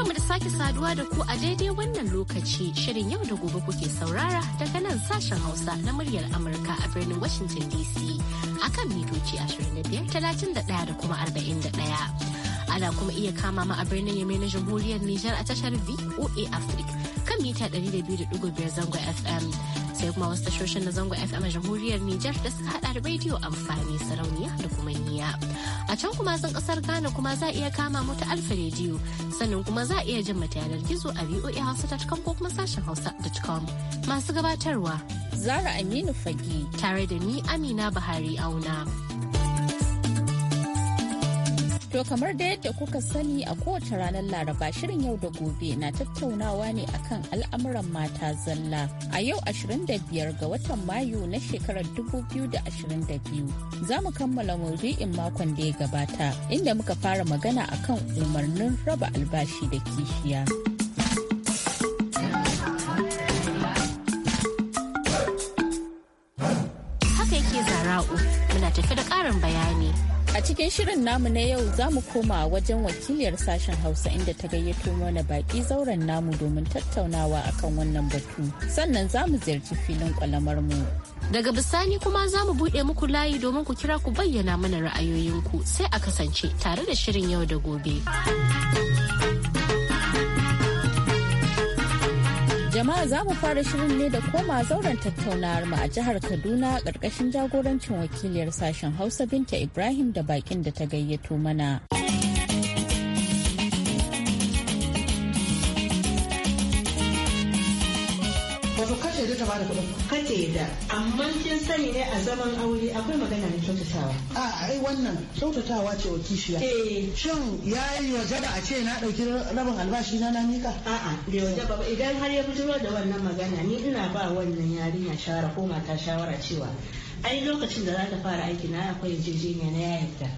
mu da sake saduwa da ku a daidai wannan lokaci shirin yau da gobe kuke saurara daga nan sashen Hausa na muryar Amurka a birnin Washington DC akan mitoci 25, 31 da kuma 41. ana kuma iya kama ma a birnin yamai na jamhuriyar Nijar a tashar VOA Africa kan mita 200.5 zango FM. sai kuma wasu tashoshin na zango FM a jamhuriyar Nijar da suka hada da rediyo amfani sarauniya da kuma niya. A can kuma sun kasar Ghana kuma za a iya kama mu alfa rediyo sannan kuma za a iya jin mata yanar gizo a voahausa.com ko kuma sashen hausa.com. Masu gabatarwa. Zara Aminu Fagi. Tare da ni Amina Buhari Auna. To kamar da yadda kuka sani a kowace ranar Laraba shirin yau da gobe na tattaunawa ne akan al'amuran mata zalla. A yau 25 ga watan Mayu na shekarar 2022 za mu kammala maudu'in makon da ya gabata inda muka fara magana akan umarnin raba albashi da kishiya. cikin shirin namu na yau za mu koma wajen wakiliyar sashen hausa inda ta gayyato mana baki zauren namu domin tattaunawa akan wannan batu sannan za mu ziyarci filin kwalamar mu daga bisani kuma za mu buɗe muku layi domin ku kira ku bayyana mana ra'ayoyinku sai a kasance tare da shirin yau da gobe. jama'a za mu fara shirin ne da koma zauren tattaunawar mu a jihar Kaduna ƙarƙashin jagorancin wakiliyar sashen Hausa Binta Ibrahim da bakin da ta gayyato mana. bada kuɗin amma kin sani ne a zaman aure akwai magana na kyautatawa a ai wannan kyautatawa ce wa kishiya eh. shin ya yi wajaba a ce na ɗauki rabin albashi na na mika a'a bai waje ba idan har ya fito da wannan magana ni ina ba wannan yarinya shawara ko mata shawara cewa ai lokacin da za ta fara aiki na akwai yarjejeniya na ya yarda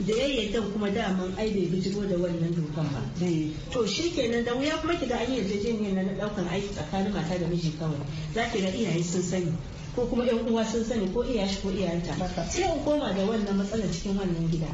da ya yi dan kuma daman ai bai bijiro da wannan dokan ba eh. to shi kenan da wuya kuma kiga an yarjejeniya na daukan aiki tsakanin mata da miji kawai za ki ga iyaye sun sani ko kuma yan uwa sun sani ko iyaye ko iyayenta sai in koma da wannan matsalar cikin wannan gida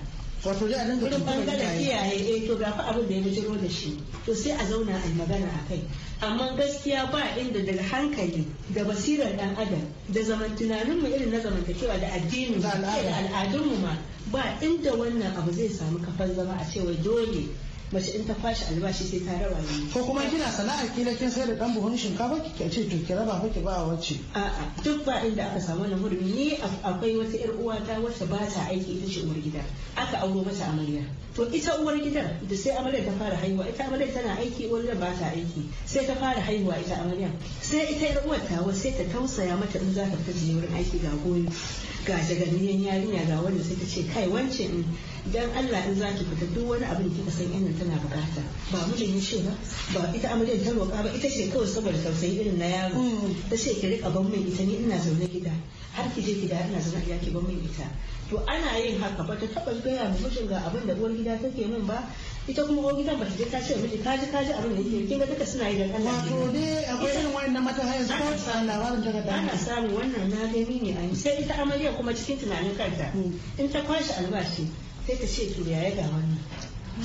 wato da nan gurin bangaren iyaye eh to ga fa abin da ya bujiro da shi to sai a zauna a yi magana a kai amma gaskiya ba inda daga hankali da basirar dan adam da zaman tunaninmu irin na zamantakewa da addini da al'adunmu ma ba inda wannan abu zai samu kafar zama a cewa dole mace in ta kwashi albashi sai ta raba ne ko kuma kina sana'a kila kin sai da dan buhun shinkafa ki ce to ki raba ki ba wacce a'a duk ba inda aka samu na hurumi ni akwai wata yar uwata wacce ba ta aiki ita ce uwar gida aka auro mata amarya to ita uwar gidan da sai amaryar ta fara haihuwa ita amaryar tana aiki uwar da ba ta aiki sai ta fara haihuwa ita amaryar sai ita yar uwar tawa sai ta tausaya mata in za ta fita wurin aiki ga goyi ga jagarniyan yarinya ga wanda sai ta ce kai wance in dan Allah in za ki fita duk wani abin kika san yan tana bukata ba mijin ya ce ba ba ita amaryar ta roƙa ba ita ce kawai saboda tausayi irin na yaro mm. ta ce ki rika ban min ita ni ina zaune gida har ki je da ina zaune gida ki ban min ita to ana yin haka ba ta taba gaya mijin ga abin da uwar gida take min ba ita kuma ko gidan ba ta je ta ce miji kaji kaji abin da yake kin ga duka suna yi dan Allah wato dai akwai irin wannan mata hayan su ko labarin daga da ana samu wannan na ga ne a sai ita amarya kuma cikin tunanin kanta hmm. in ta kwashi albashi sai ta ce to yaya ga wannan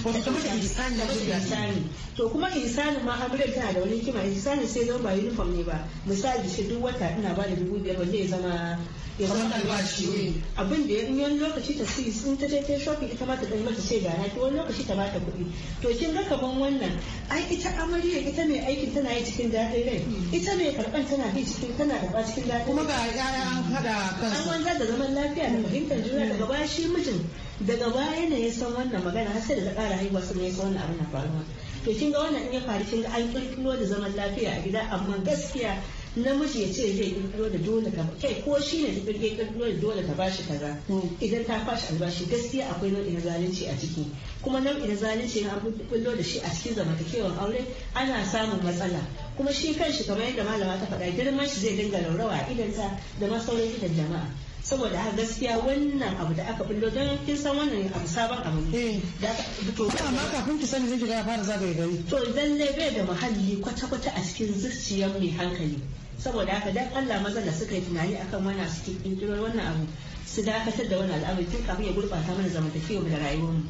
wasu kuma da ihsani na da ihsani to kuma ihsani ma amurin tana da wani kima ihsani sai zama ba uniform ne ba misali shi duk wata ina ba da dubu biyar wanda ya zama ya zama albashi abin da in wani lokaci ta si sun ta je shopping ita ma ta dan mata sai gana ki wani lokaci ta bata kuɗi to kin ga kaman wannan ai ita amarya ita mai aikin tana yi cikin daɗin rai ita mai karɓan tana yi cikin tana karɓa cikin daɗin kuma ga yaya an haɗa kansu an wanzar da zaman lafiya da fahimtar juna daga baya shi mijin daga baya ne ya san wannan magana har sai da ƙara haihuwa sun ya wannan abin na faruwa to kin ga wannan in ya faru kin ga an kirkiro da zaman lafiya a gida amma gaskiya namiji ya ce zai kirkiro da dole ka kai ko shi ne zai kirkiro da dole ka bashi kaza idan ta fashi albashi gaskiya akwai nau'in zalunci a ciki kuma nau'in zalunci na kullo da shi a cikin zamantakewan aure ana samun matsala kuma shi kanshi kamar yadda malama ta faɗa girman shi zai dinga laurawa idanta da masauran gidan jama'a saboda har gaskiya wannan abu da aka bullo don kin san wannan abu sabon abu ne eh. da to amma kafin ki sani zai ga fara zagaye gari to idan bai da muhalli kwata-kwata a cikin zuciyar mai hankali saboda haka dan Allah maza da suka yi tunani akan wana su kirkiro wannan abu su dakatar da wannan al'amari tun kafin ya gurbata mana zamantakewa da rayuwarmu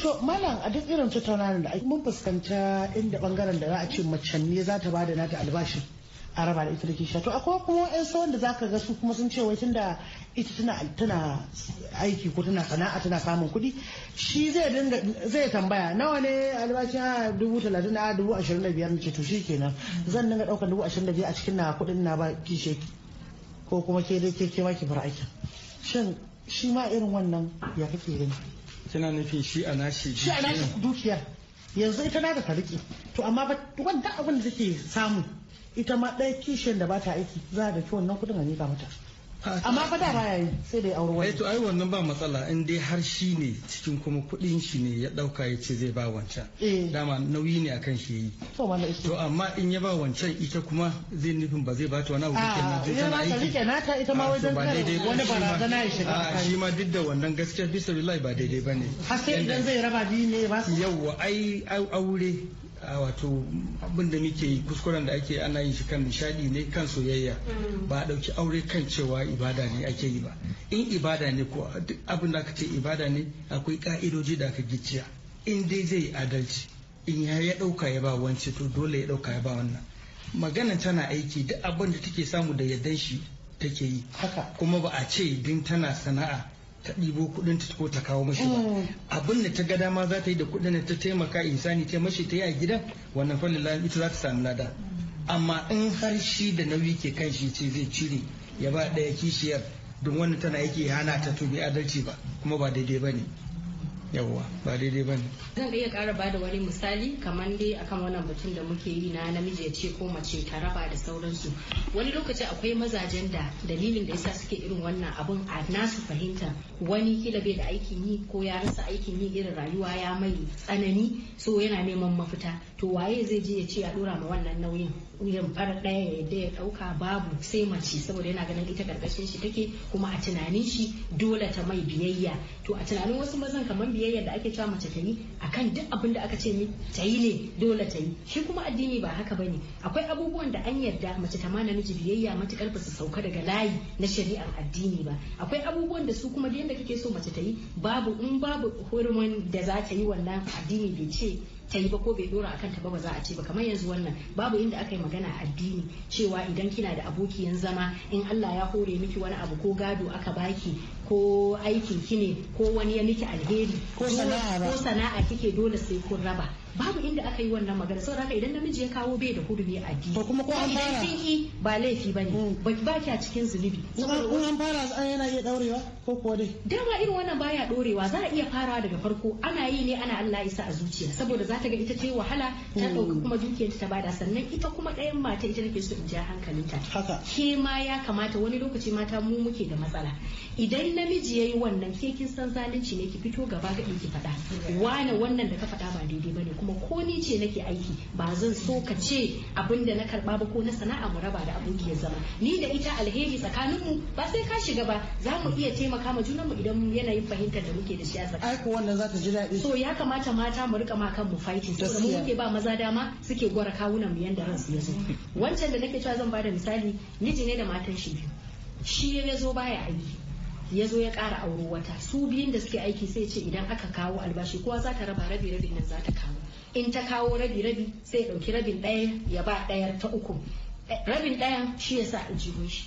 To malam a duk irin tattaunawa da mun fuskanta inda bangaren da za a ce mace ne za ta bada nata albashi Araba da ita da sha to akwai kuma yansu wanda zaka ga su kuma sun ce wai tunda ita tana tana aiki ko tana sana'a tana samun kuɗi shi zai dinga zai tambaya nawa ne albashi a ah, dubu talatin a ah, dubu ashirin da biyar ce to shi kenan zan dinga ɗaukar dubu ashirin da biyar a cikin na kuɗin na ba kishe ko kuma ke dai ke kema ki bar aikin shin shi ma irin wannan ya kake gani kina nufin shi a nashi shi a nashi dukiyar yanzu ita na da ta riƙe to amma ba wanda abin da take samu ita ma ɗaya kishiyar da ba ta aiki za a daki wannan kudin a miƙa mata amma fa da baya yi sai dai auri wani eh to ai wannan ba matsala in dai har shi ne cikin kuma kuɗin shi ne ya ɗauka ya ce zai ba wancan eh. dama nauyi ne akan shi yi to amma in ya ba wancan ita kuma zai nufin ba zai ba ta wani abu ah, kenan zai tana aiki ta ita ma ah, wajen wani barazana ya shiga ah, shi ma duk da wannan gaskiya bisa billahi ba daidai bane har sai idan zai raba biyu ne ba su yawwa ai aure wato abinda muke yi kuskuren da ake ana yin shi kan nishadi ne kan soyayya mm. ba a ɗauki aure kan cewa ibada ne ake yi ba in ibada ne ko abin da aka ce ibada ne akwai ka'idoji da aka gicciya in dai zai adalci in ya ya ɗauka ya ba wance to dole ya ɗauka ya ba wannan maganan tana aiki duk abin da take samu da yaddan shi take yi haka kuma ba a ce din tana sana'a ta ɗibo kuɗin ta ko ta kawo mashi ba mm. abin da ta gada ma za ta yi da kuɗin ta taimaka insani ta mashi ta yi a gidan wannan fallilan ita za ta samu lada amma in har shi da nauyi ke kan shi ce zai cire ya ba ɗaya kishiyar don wannan tana yake hana ta to bai adalci ba kuma ba daidai ba ne yawwa ba daidai ba ne zan iya ƙara ba da wani misali kamar dai akan wannan batun da muke yi na namiji ya ce ko mace ta raba da sauransu wani lokaci akwai mazajen da dalilin da yasa suke irin wannan abun a nasu fahimta wani kila bai da aikin yi ko ya rasa aikin yi irin rayuwa ya mai tsanani so yana neman mafita to waye zai je ya ce a dora ma wannan nauyin fara ɗaya ya da ya ɗauka babu sai mace saboda yana ganin ita karkashin shi take kuma a tunanin shi dole ta mai biyayya to a tunanin wasu mazan kamar biyayya da ake cewa mace ta yi akan duk abin da aka ce ta yi ne dole ta yi shi kuma addini ba haka bane akwai abubuwan da an yarda mace ta ma namiji biyayya matukar ba su sauka daga layi na shari'ar addini ba akwai abubuwan da su kuma da yadda kake so mace ta yi babu in babu hurumin da za ta yi wannan addini bai ce ta yi ba ko bai dora akan ta ba ba za a ce ba kamar yanzu wannan babu inda aka yi magana addini cewa idan kina da abokiyan zama in Allah ya hore miki wani abu ko gado aka baki ko aikin ki ne ko wani ya miki alheri ko sana'a kike dole sai kun raba babu inda aka yi wannan magana saboda haka idan namiji ya kawo bai da hurumi a addini ko kuma ko an fara idan kin ba laifi bane hmm. ba ba ki a cikin zunubi an fara an yana iya daurewa ko kuwa dai dama irin wannan baya dorewa za a iya farawa daga farko ana yi ne ana Allah isa a zuciya saboda za ta ga ita ce wahala ta hmm. dauka kuma dukiyarta ta bada sannan ita kuma ɗayan mata ita nake so in ja hankalinta haka ke ma ya kamata wani lokaci mata mu muke da matsala idan namiji ya yi wannan ke kin san zalunci ne ki fito gaba ga ki faɗa wane wannan da ka faɗa ba daidai bane kuma ko ni ce nake aiki ba zan so ka ce abin da na karba ba ko na sana'a mu raba da abokiyar zama ni da ita alheri tsakaninmu ba sai ka shiga ba za mu iya taimaka ma junanmu idan yanayin fahimtar da muke da shi a tsakanin aiko wannan za ta ji daɗi so ya kamata mata mu rika ma kanmu fighting so mu muke ba maza dama suke gwara kawunan mu yanda ransu ya zo wancan da nake cewa zan ba da misali miji ne da matan shi biyu shi ya zo baya aiki ya zo ya ƙara auro wata su biyun da suke aiki sai ce idan aka kawo albashi kowa za ta raba rabi rabin nan za ta kawo in ta kawo rabi rabi sai ɗauki rabin ɗaya ya ba ɗayar ta uku eh, rabin ɗaya shi ya sa aljihun shi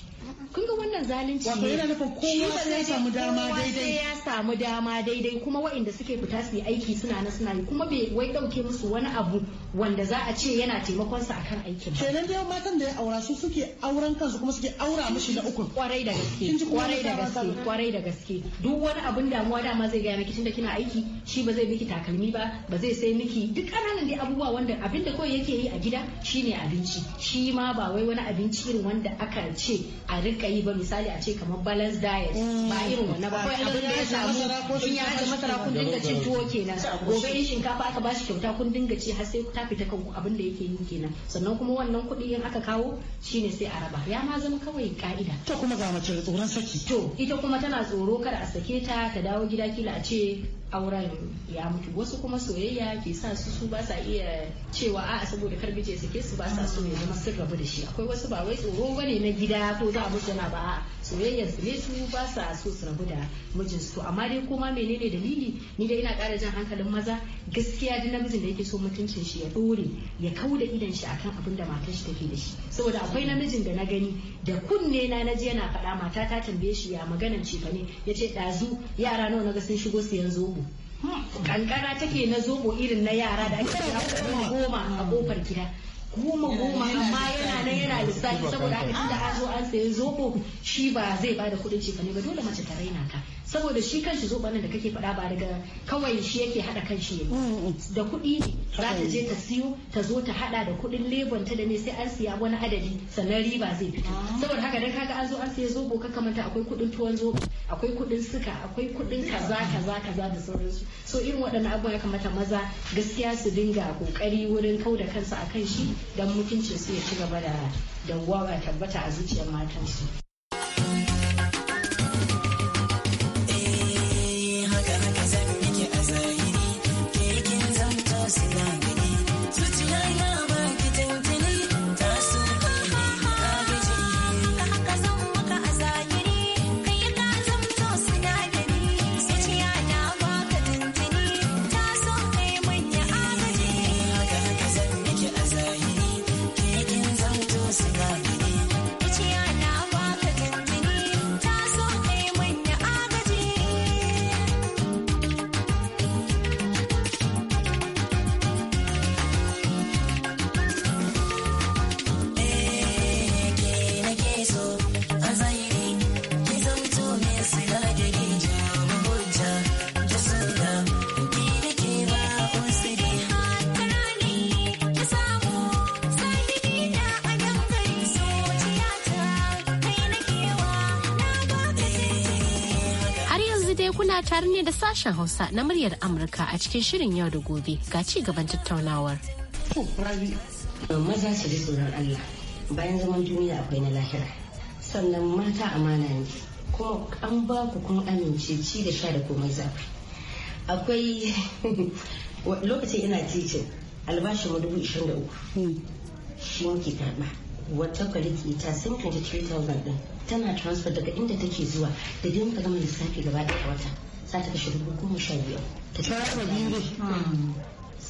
kun ga wannan zalunci wato yana nufin kowa sai ya samu dama daidai ya samu dama daidai kuma waɗanda suke fita su aiki suna na suna yi kuma bai wai dauke musu wani abu wanda za a ce yana taimakon su akan aikin ba kenan dai matan da ya aura su suke auren kansu kuma suke aura mishi na uku kwarai da gaske kwarai da gaske kwarai da gaske duk wani abun damuwa dama zai gaya miki tunda kina aiki shi ba zai miki takalmi ba ba zai sai miki duk ƙananan dai abubuwa wanda abin da kawai yake yi a gida shine abinci shi ma ba wai wani abinci irin wanda aka ce a a rinka yi ba misali a ce kamar balance diet mm. ba irin wani ba kawai abin da ya samu in ya masara kun dinga cin tuwo kenan gobe in shinkafa aka bashi kyauta kun dinga ci har sai ta fita kanku abin da yake yi kenan sannan kuma wannan kuɗi in aka kawo shine sai a raba ya ma zama kawai ka'ida to kuma ga mace tsoron saki to ita kuma tana tsoro kada a sake ta ta dawo gida kila a ce auren ya mutu wasu kuma soyayya ke sa su su ba sa iya cewa a saboda kar miji su ke su ba sa so ya zama sun da shi akwai wasu ba wai tsoro bane na gida ko za a musu na ba soyayyar su ne su ba a so su rabu da mijinsu amma dai koma menene dalili ni dai ina ƙara jan hankalin maza gaskiya da namijin da yake so mutuncin shi ya dore ya da idan shi akan abin da matar shi take da shi saboda akwai namijin da na gani da kunne na naji yana faɗa mata ta tambaye shi ya maganan ce fa ne yace ɗazu yara nawa naga sun shigo siyan zobo kankara hmm, take na zobo irin na yara da ake goma a kofar gida goma goma amma yana nan yana lissafi saboda haka tunda an zo an sayi zobo shi ba zai bada kuɗin cefane ba dole mace ta raina ka saboda shi kanshi zo da kake faɗa ba daga kawai shi yake haɗa kanshi da kuɗi ne za ta je ta siyo ta zo ta haɗa da kuɗin lebon ta da ne sai an siya wani adadi sannan riba zai fito ah. saboda haka dan kaga an zo an siya zobo ka kamanta akwai kuɗin tuwon zobo akwai kuɗin suka akwai kuɗin kaza kaza kaza da sauransu so irin waɗannan abubuwa ya kamata maza gaskiya su dinga kokari wurin kau da kansu akan shi dan mutuncin su ya ci gaba da dawwama tabbata a zuciyar matansu kuna tare ne da sashen Hausa na muryar Amurka a cikin shirin yau da gobe ga ci gaban tattaunawar. maza su ji tsoron Allah bayan zaman duniya akwai na lahira sannan mata amana ne kuma an ba ku kuma amince ci da sha da komai zafi akwai lokacin ina titin albashin dubu ishirin da uku hmm. shi muke karɓa wata kwaliki ta sun 23,000 din tana transfer daga inda take zuwa da dai muka gama lissafi gaba da wata sa ta kashe dubu goma sha biyar ta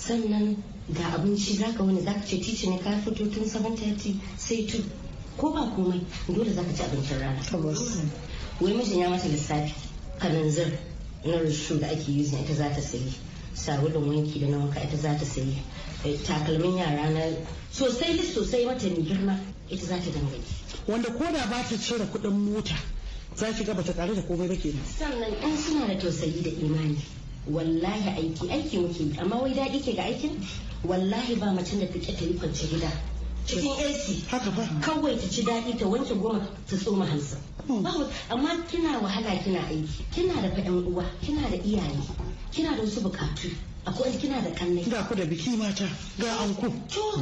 sannan ga abinci za ka wani za ka ce titi ne ka fito tun 7:30 sai tu ko ba komai dole zaka ci abincin rana wai mijin ya mata lissafi kananzir na rushu da ake yi ita za ta sayi sabulun wanki da na wanka ita za ta sayi takalmin yara na sosai sosai wata ne girma ita za ta dangane wanda ko da ba ta cire kuɗin mota za ki ga bata tare da komai ba kenan sannan in suna da tausayi da imani wallahi aiki aiki muke amma wai daɗi ke ga aikin wallahi ba macen da take ta yi kwance gida cikin AC haka ba kawai ta ci daɗi ta wanke goma ta tsoma hansi. amma kina wahala kina aiki kina da fa'in uwa kina da iyaye kina da wasu bukatu akwai kina da kannai ga ku da biki mata ga anku to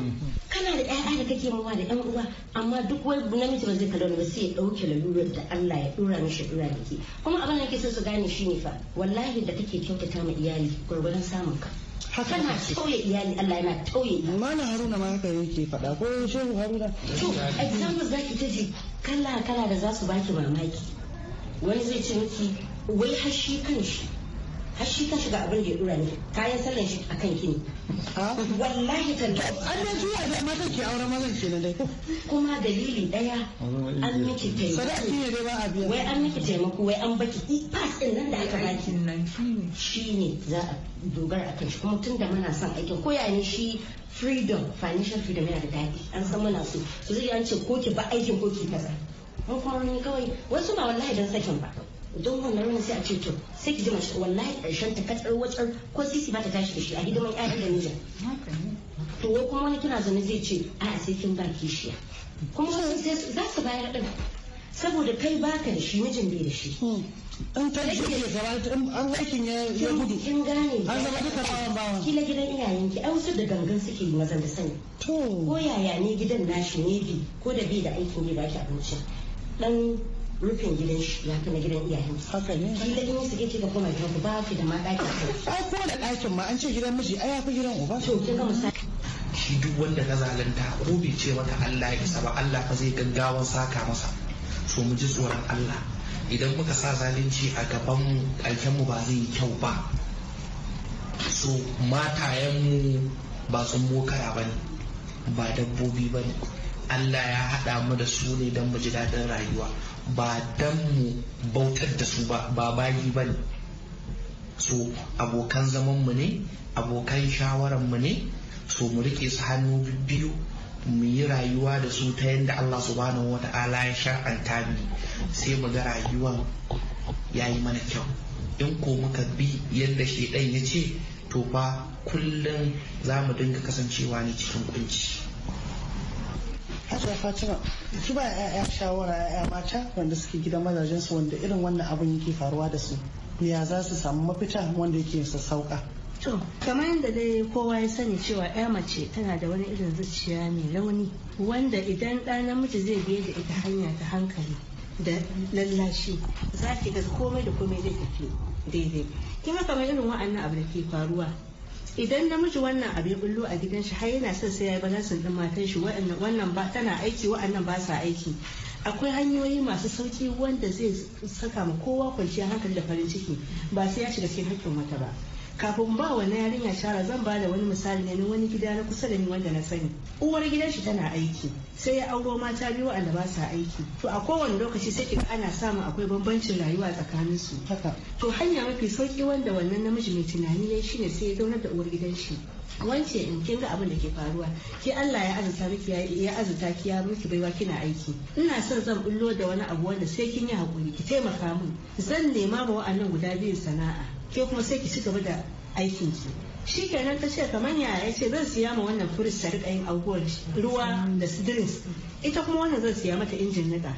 kana da ƴaƴa da kake mawa da ƴan uwa amma duk wai namiji ba zai kalla ba sai ya dauke lalurar da Allah ya dora mishi dora dake kuma abin da yake so su gane shine fa wallahi da kake kyautata ma iyali gurgurdan samun ka haka na tauye iyali Allah yana tauye mana haruna ma haka yake faɗa ko shehu haruna to ta ji kala kala da za su baki mamaki wani zai ce miki wai hashi kan shi har shi ga abin da ya dura ne kayan sallan shi a kan kini wallahi kan an da da mata ke mazan ke na dai kuma dalili daya an miki taimako sadaki ne dai ba wai an miki taimako wai an baki pass din nan da aka baki shi ne za a dogara akan shi kuma tun da muna son aikin ko yayin shi freedom financial freedom yana da daɗi an san muna so su zai yance ko ki ba aikin ko ki kaza mun kuma wani kawai wasu ba wallahi dan sakin ba don wannan ruwan sai a ce to sai ki ji mace wallahi karshen ta katsar watsar ko sisi ba ta tashi da shi a hidiman ƴaƴan da mijin to wai kuma wani kina zaune zai ce a'a sai kin ba kishiya kuma sai za su bayar din saboda kai baka da shi mijin bai da shi hmm. in ta da ke zama an aikin ya gudu kin gane an zama duka bawan bawan kila gidan iyayen ki an su da gangan suke yi mazan da sani to ko yaya ne gidan nashi ne bi ko da bai da aikin bai baki abinci dan rufin gidan shi ya fi na gidan iyayen haka ne kila in su ke kika koma gidan ku ba ki da ma ɗakin ku ai ko da ɗakin ma an ce gidan miji ai ya fi gidan uba to kin ga musa shi duk wanda ka zalunta ko bai ce mata Allah ya isa ba Allah fa zai gaggawan saka masa so mu ji tsoron Allah idan muka sa zalunci a gaban mu ba zai yi kyau ba so matayenmu ba sun mokara ba ne ba dabbobi ba ne Allah ya haɗa mu da su ne don mu ji daɗin rayuwa ba don mu bautar da su ba ba bayi ba ne so abokan zamanmu ne abokan shawararmu ne so mu rike su hannu biyu mu yi rayuwa da su ta yadda Allah subhanahu wa ta'ala ya shar'anta mu sai mu ga rayuwan ya yi mana kyau in ko muka bi yadda shaidan ya ce to fa kullum za mu dinga kasancewa ne cikin kunci Hajiya Fatima, ki ba ‘ya'ya shawara ‘ya'ya mata wanda suke gidan mazajensu wanda irin wannan abin yake faruwa da su, ya za su samu mafita wanda yake sassauka. To, kamar yadda dai kowa ya sani cewa 'ya mace tana da wani irin zuciya mai launi wanda idan ɗan namiji zai biye da ita hanya ta hankali da lallashi za ki ga komai da komai zai tafi daidai. Kima kamar irin wa'annan abu da ke faruwa idan namiji wannan abu ya bullo a gidan shi har yana son sai ya yi balansin din matan shi wannan ba tana aiki wa'annan ba sa aiki akwai hanyoyi masu sauki wanda zai saka ma kowa kwanciyar hankali da farin ciki ba sai ya shiga cikin hakkin wata ba kafin ba na yarinya shara zan ba da wani misali ne na wani gida na kusa da ni wanda na sani uwar gidan shi tana aiki sai ya auro mata biyu wanda ba sa aiki to a kowane lokaci sai ki ana samun akwai bambancin rayuwa tsakanin su haka to hanya mafi sauki wanda wannan namiji mai tunani ya shine sai ya zaunar da uwar gidan shi wance in kin ga abin da ke faruwa ki Allah ya azurta miki ya azurta ki ya miki baiwa kina aiki ina son zan bullo da wani abu wanda sai kin yi hakuri ki taimaka min zan nema ma wa'annan guda biyun sana'a ke kuma sai ki ci gaba da aikin ki shi kenan ta ce kamar yaya ce zan siya ma wannan furis ta rika yin ruwa da drinks ita kuma wannan zan siya mata injin nika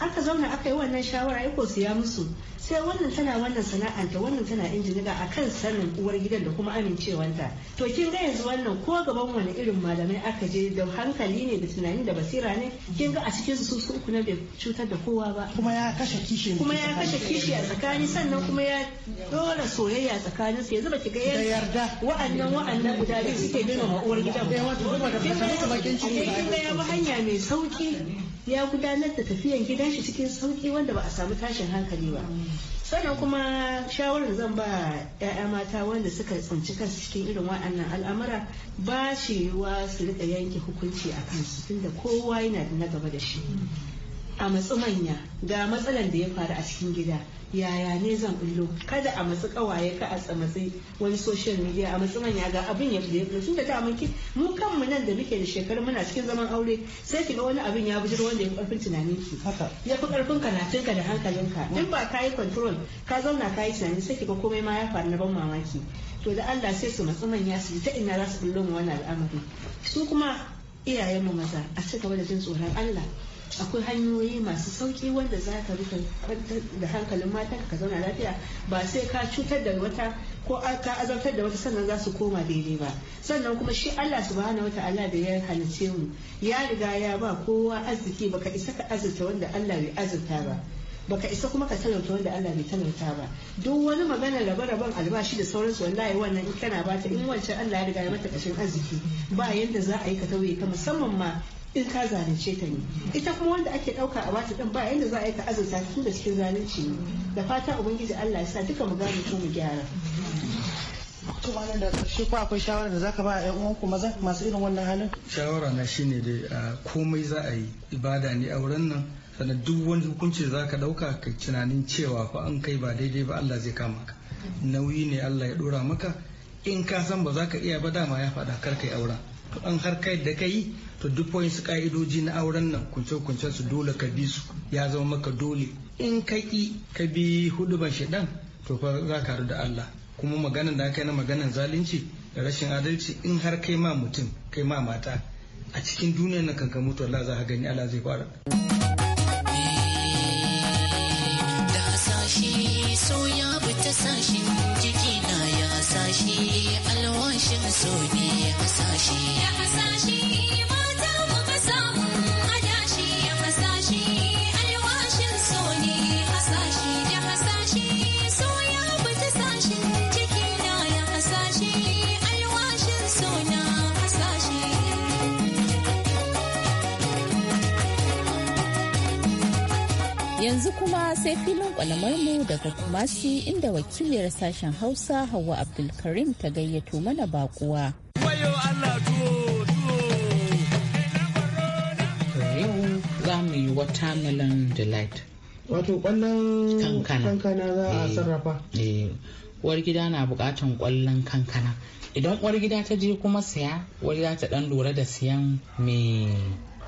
aka zauna aka yi wannan shawara ya siya musu sai wannan tana wannan sana'anta wannan tana injiniga a kan sanin uwar gidan da kuma amincewanta to kin ga yanzu wannan ko gaban wani irin malamai aka je da hankali ne da tunani da basira ne kin ga a cikin su su uku na bai cutar da kowa ba kuma ya kashe kishi kuma ya kashe kishi a tsakani sannan kuma ya dora soyayya tsakanin su yanzu ba ki ga yarda wa'annan wa'annan guda biyu suke nuna uwar gidan eh, ba kin ga ya hanya mai sauki ya gudanar da tafiyan gidan shi cikin sauki wanda ba a samu tashin hankali ba sannan kuma shawarar zan ba 'ya'ya mata wanda suka tsinci kansu cikin irin waɗannan al'amura ba shi yiwuwa su rika yanke hukunci a kansu tunda kowa yana da na gaba da shi a matsi manya ga matsalan da ya faru a cikin gida yaya ne zan bullo kada a matsi kawaye ka a matsi wani social media a matsi manya ga abin ya fi da tun da ta amince mu kanmu nan da muke da shekaru muna cikin zaman aure sai ki ga wani abin ya bujiro wanda ya fi karfin tunanin ki ya fi karfin karatun ka da hankalin ka in ba ka yi control ka zauna ka yi tunani sai ki ga komai ma ya faru na ban mamaki to da Allah sai su matsi manya su ta ina za su bullo mu wannan al'amari su kuma iyayenmu maza a cika gaba da jin tsoron Allah akwai hanyoyi masu sauki wanda za ka rika da hankalin mata ka zauna lafiya ba sai ka cutar da wata ko ka azabtar da wata sannan za su koma daidai ba sannan kuma shi Allah wata wataala da ya halice mu ya riga ya ba kowa arziki baka isa ka azurta wanda Allah bai azurta ba baka isa kuma ka talauta wanda Allah bai talauta ba duk wani magana rabe raban albashi da sauransu wallahi wannan in kana bata in wancan Allah ya riga ya mata kashin arziki ba yanda za a yi ka tauye ka musamman ma in ka zalunce ta ne ita kuma wanda ake dauka a bata ɗin ba yanda za a yi ka azurta tun da cikin zalunci ne da fata ubangiji Allah ya sa duka mu gane ko mu gyara da ko akwai shawara da zaka ba uwanku maza masu irin wannan halin shawara na shine da komai za a yi ibada ne a wurin nan sannan duk wani hukunci da ka dauka ka tunanin cewa fa an kai ba daidai ba Allah zai kama ka nauyi ne Allah ya dora maka in ka san ba za ka iya ba dama ya faɗa kar kai auren to an har kai da kai to duk su ka'idoji na auren nan kunce-kuncen su dole ka bi su ya zama maka dole in ka ka bi huduban shaidan to fa za ka da Allah kuma maganan da kai na maganan zalunci da rashin adalci in har kai ma mutum kai ma mata a cikin duniyar na kankan mutu Allah za ka gani Allah zai fara. sai filin mu daga kumasi inda wakiliyar sashen hausa hawa abdulkarim ta gayyato mana bakuwa yau za mu yi watermelon delight wato kwallon kankana za a eh, sarrafa eh, uwar gida na bukatan kwallon kankana idan uwar gida ta je kuma saya uwar gida ta dan lura da siyan mai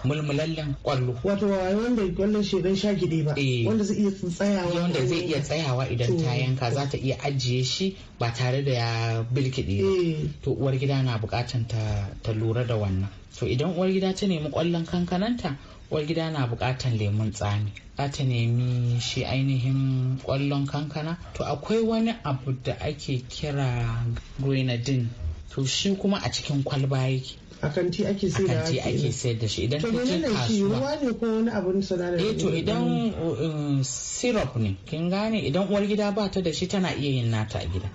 mulmulallen kwallo wato wanda kwallon shi dan shaki ba eh. wanda zai iya tsayawa wanda zai iya tsayawa idan ta yanka za ta iya ajiye shi ba tare da ya bilkide eh. to uwar gida na bukatan ta lura da wannan To idan uwar gida ta nemi kwallon kankananta uwar gida na bukatan lemun tsami za ta nemi shi ainihin kwallon kankana to akwai wani abu da ake kira grenadine to shi kuma a cikin kwalba yake a kanti ake sai da shi ake sai da shi idan to menene shi ruwa ne ko wani abun sinadari eh to idan um, syrup ne kin gane idan uwar gida ba ta da shi tana iya yin nata a gida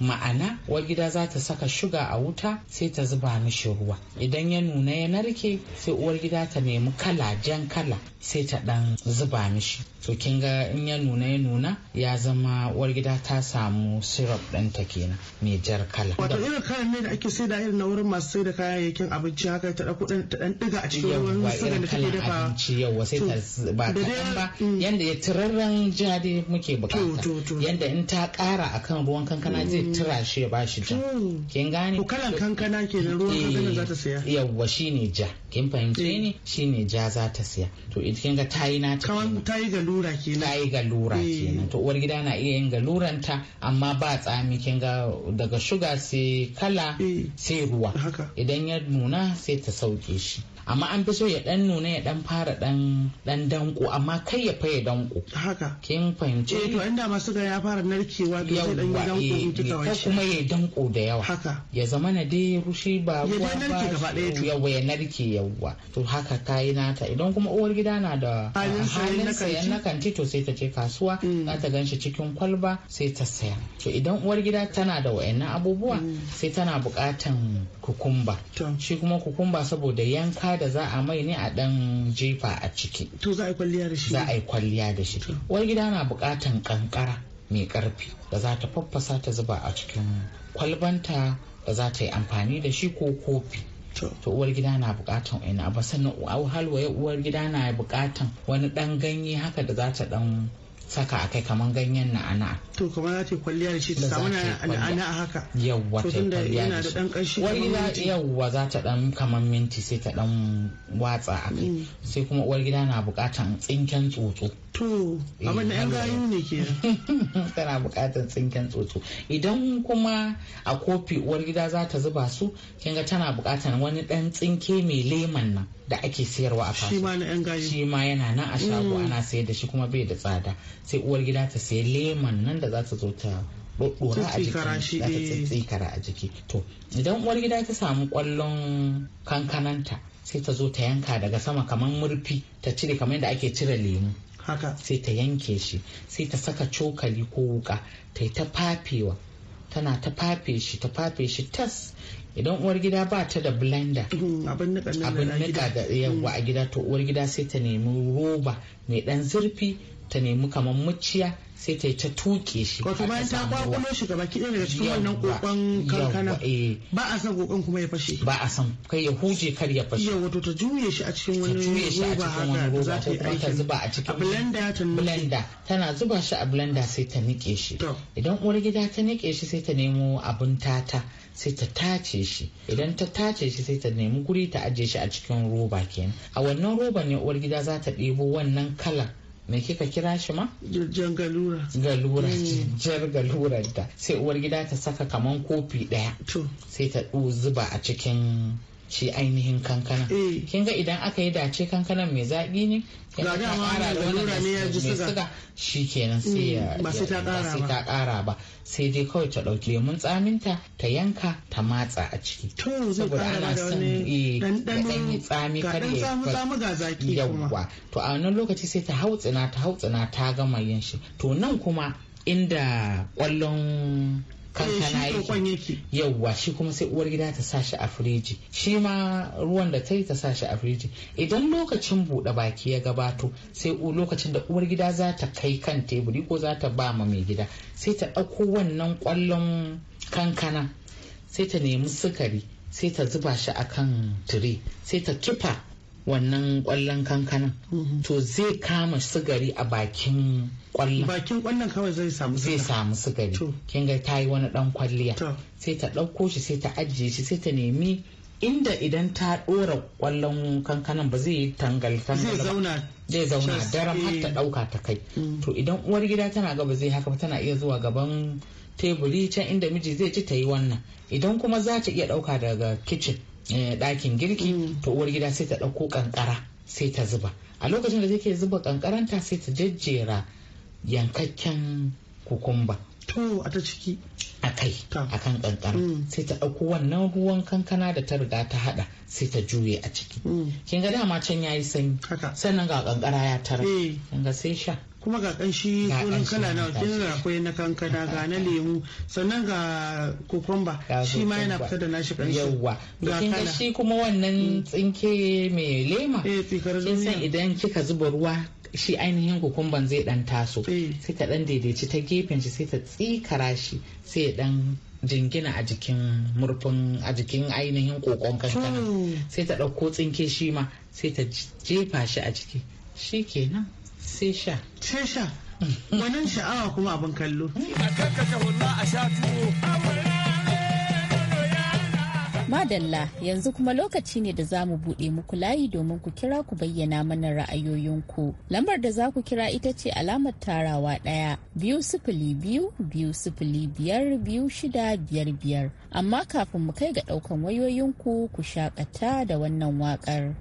ma'ana wa gida za ta saka shuga a wuta sai ta zuba mishi ruwa idan ya nuna ya narke sai uwar gida ta nemi kala jan kala sai ta dan zuba mishi to kin ga in ya nuna ya nuna ya zama uwar gida ta samu syrup ta kenan mai jar kala wato irin kayan ne da ake sai da irin na wurin masu sai kayayyakin abinci haka ta dauko dan dan diga a cikin ruwan sai da take dafa abinci yawa sai ta ba kaɗan ba mm. yanda ya jade muke bukata yanda in ta ƙara akan ruwan kankan kankana zai tura shi ya bashi ja hmm. kin gane kalan kankana ke da ruwan kankana eh, za ta siya yawwa shine ja kin fahimce eh. ni shine ja za ta siya to idan kin ga tayi na ta kawan tayi lura kenan tayi galura eh. kenan to uwar gida na iya yin ga ta amma ba tsami kin ga daga shuga sai kala sai ruwa idan ya nuna sai ta sauke shi amma an fi so ya dan nuna ya dan fara dan dan danko amma kai ya fa ya danko haka kin fahimci eh to inda masu ga ya fara narkewa to sai dan danko in eh, kika eh, wace kuma ya danko da yawa haka ya zama na dai rushe ba ya dan narke gaba daya to yawa ya narke yawa to haka kai ta idan kuma uwar gida na da halin sayan na kanti to sai ta je kasuwa mm. za ta ganshi cikin kwalba sai ta saya to idan uwar gida tana da wayannan abubuwa mm. sai tana bukatan kukumba shi kuma kukumba saboda yanka da za a mai ne a dan jefa a ciki to za a yi kwalliya da shi za a yi kwalliya da shi Wai gida na bukatan kankara mai karfi da za ta faffasa ta zuba a cikin kwalbanta da za ta yi amfani da shi ko kofi to uwar gida na bukatan ina ba sannan halwaye uwar gida na bukatan wani dan ganye haka da za ta dan saka a kai kamar ganyen na'ana. To kamar za ta yi kwalliya da shi ta samu na'ana a haka. Yawwa ta kwalliya da shi. da Wani yawwa za ta dan kamar minti sai ta dan watsa a kai. Mm. Sai kuma uwar gida na bukatan tsinken tsotso. To, abin da 'yan eh, gayu ne ke Tana bukatar tsinken tsotso. Idan kuma a kofi uwar gida za ta zuba su, Kinga tana bukatar wani dan tsinke mai leman nan da ake sayarwa a kasuwa. Shi ma na 'yan gayu. Shi ma yana nan a shago mm. ana sayar da shi kuma bai da tsada. Sai uwar gida ta sayi leman nan da za ta zo ta ɗora a jiki za ta eh. tsikara a jiki. To, idan uwar gida ta samu kwallon kankananta sai ta zo ta yanka daga sama kamar murfi ta cire kamar yadda ake cire lemu. haka sai ta yanke shi sai ta saka cokali ko wuka ta yi ta fafewa tana ta fafe shi ta fafe shi tas idan uwar gida ba ta da blender mm, abin nika da yawa a gida to uwar gida sai ta nemi roba mai dan zurfi ta nemi kamar muciya sai ta yi ta tuke shi wato bayan ta kwakwalo shi gaba daga cikin wannan kokon kankana eh. ba a san kokon kuma ya fashe ba a san kai ya huje kar ya fashe Yau wato ta juye shi a cikin wani roba haka za ta yi aikin zuba a cikin blender ta blender tana zuba shi a blender sai ta nike shi idan uwar gida ta nike shi sai ta nemo abun tata sai ta tace shi idan ta tace shi sai ta nemi guri ta ajiye shi a cikin roba kenan a wannan roban ne uwar gida za ta ɗebo wannan kalar me kika kira shi ma? Jan galura. Galura, mm. jar galurar ta. Sai uwar gida ta saka kaman kofi ɗaya. Sai ta zuba a cikin shi ainihin kankana eh. kin ga idan aka yi dace kankanan mai zaƙi ne ya ƙara da wani mai suga shi kenan sai ya mm, ba sai ta ƙara ba sai dai kawai ta ɗauki lemun tsaminta ta yanka ta matsa a ciki saboda ana son eh, ɗanɗano tsami kar ya yawwa to a wannan lokaci sai ta hau tsina ta tsina ta gama yin shi to nan kuma inda kwallon kankana eh, yake yawwa shi kuma sai uwar gida ta sashi a firiji shi ma ruwan da ta yi ta sashi a firiji idan lokacin buɗe baki ya gabato sai lokacin da uwar gida za ta kai kan teburi ko za ta ba ma mai gida sai ta ɗauko wannan ƙwallon kankana sai ta nemi sukari sai ta zuba shi a kan tire sai ta kifa wannan kwallon kankanan mhm. to zai kama sigari a bakin kwallon bakin kwallon kawai zai samu zai samu sigari kin ga ta yi wani dan kwalliya sai ta dauko shi sai ta ajiye shi sai ta nemi inda idan ta dora kwallon kankanan ba zai yi tangal tangal zai zauna zai zauna daram har ta dauka eh. ta kai mm. to idan uwar gida tana gaba zai haka tana iya zuwa gaban teburi can inda miji zai ci ta yi wannan idan kuma za ta iya dauka daga kicin Eh, ɗakin girki mm. ta uwar gida sai ta ɗauko kankara sai ta zuba a lokacin da take zuba kankaranta sai ta jejjera yankakken kukumba to a ta ciki a kai a kan kankara mm. sai ta ɗauko wannan ruwan kankana da ta riga ta hada sai ta juye a ciki mm. kin ga dama can yayi sanyi sannan ga kankara ya tara eh. kin ga sai sha kuma ga kanshi gonan kala na wajen akwai na kankana ga na lemu sannan ga kukumba shi ma yana fita da nashi kanshi yawwa ga kala shi kuma wannan mm. tsinke mai lema eh tsikar zuciya idan kika zuba ruwa shi ainihin kukumban zai dan taso eh. sai ta dan daidaici ta gefen shi sai ta tsikara shi sai ya dan jingina a jikin murfin a jikin ainihin kokon kankana hmm. sai ta ɗauko tsinke shi ma sai ta jefa shi a jiki shi kenan sai sha sai sha wannan sha'awa kuma abin kallo Madalla yanzu kuma lokaci ne da zamu mu buɗe muku layi domin ku kira ku bayyana mana ra'ayoyinku. Lambar da za ku kira ita ce alamar tarawa ɗaya biyu sifili biyu biyu sifili biyar biyu shida biyar biyar. Amma kafin mu kai ga ɗaukan wayoyinku ku shakata da wannan waƙar.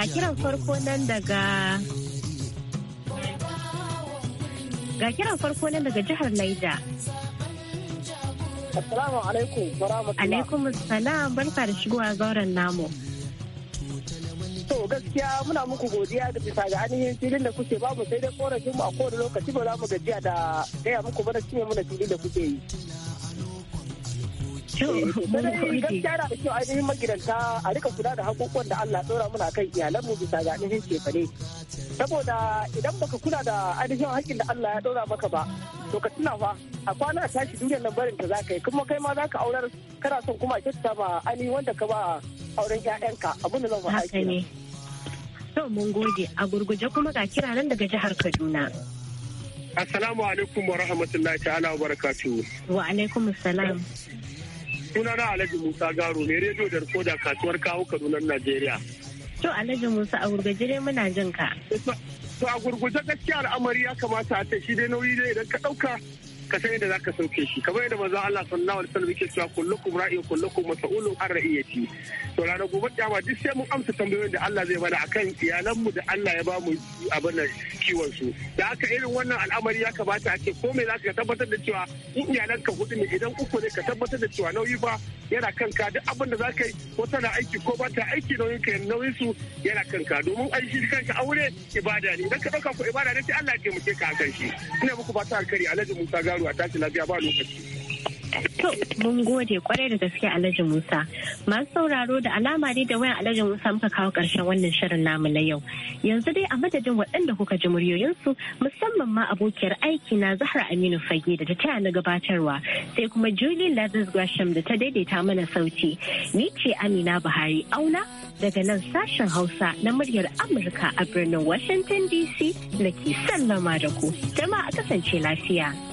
ga kiran farko nan daga ga kiran farko nan daga jihar Naija. Assalamu alaikum Alaikum assalam barka da shigowa zauren namu. To gaskiya muna muku godiya da bisa ga ainihin filin da kuke babu sai dai korafin mu a kowane lokaci ba za mu gajiya da gaya muku ba da cinye muna filin da kuke yi. gaskiya da kyau ainihin magidanta a rika kula da hakukuwan da Allah tsora muna kan iyalanmu bisa ga ainihin cefane. Saboda idan baka kula da ainihin hakkin da Allah ya tsora maka ba, to ka tuna fa a kwana tashi duniyar nan barin ta za ka yi kuma kai ma za ka aurar kana son kuma a kyautata ma wanda ka ba auren 'ya'yanka abin da zan faɗa kenan. To mun gode a gurguje kuma ga kira nan daga jihar Kaduna. Assalamu alaikum wa rahmatullahi ta'ala wa barakatuhu. Wa alaikum assalam. sunana alhaji musa garo ne rediyo da rikoda kasuwar kawo kadunan najeriya to alhaji musa a gurgajire muna jin ka to a gurguje gaskiya al'amari ya kamata a ce shi dai nauyi dai idan ka ɗauka ka san yadda zaka sauke shi kamar yadda manzon Allah sallallahu alaihi wasallam yake cewa kullukum ra'in kullukum mas'ulun an ra'iyati to ranar gobe kiyama duk sai mun amsa tambayoyin da Allah zai bada akan iyalan mu da Allah ya bamu abin nan kiwon su da aka irin wannan al'amari ya kamata a ce ko me zaka tabbatar da cewa in ka hudu ne idan uku ne ka tabbatar da cewa nauyi ba yana kanka duk abin da zaka yi ko tana aiki ko ba ta aiki nauyin ka nauyin su yana kanka domin aiki kanka aure ibada ne idan ka dauka ko ibada ne sai Allah ya taimake ka akan shi ina muku ta alkari Alhaji Musa ga yaro a tashi lafiya ba lokaci. To, mun gode kwarai da gaske Alhaji Musa. Masu sauraro da alama dai da wayan Alhaji Musa muka kawo ƙarshen wannan shirin namu na yau. Yanzu dai a madadin waɗanda kuka ji muryoyinsu musamman ma abokiyar aiki na Zahra Aminu Fage da ta taya na gabatarwa sai kuma Julie Lazarus Gresham da ta daidaita mana sauti. Ni ce Amina Buhari auna daga nan sashen Hausa na muryar Amurka a birnin Washington DC ke sallama da ku. Jama'a kasance lafiya.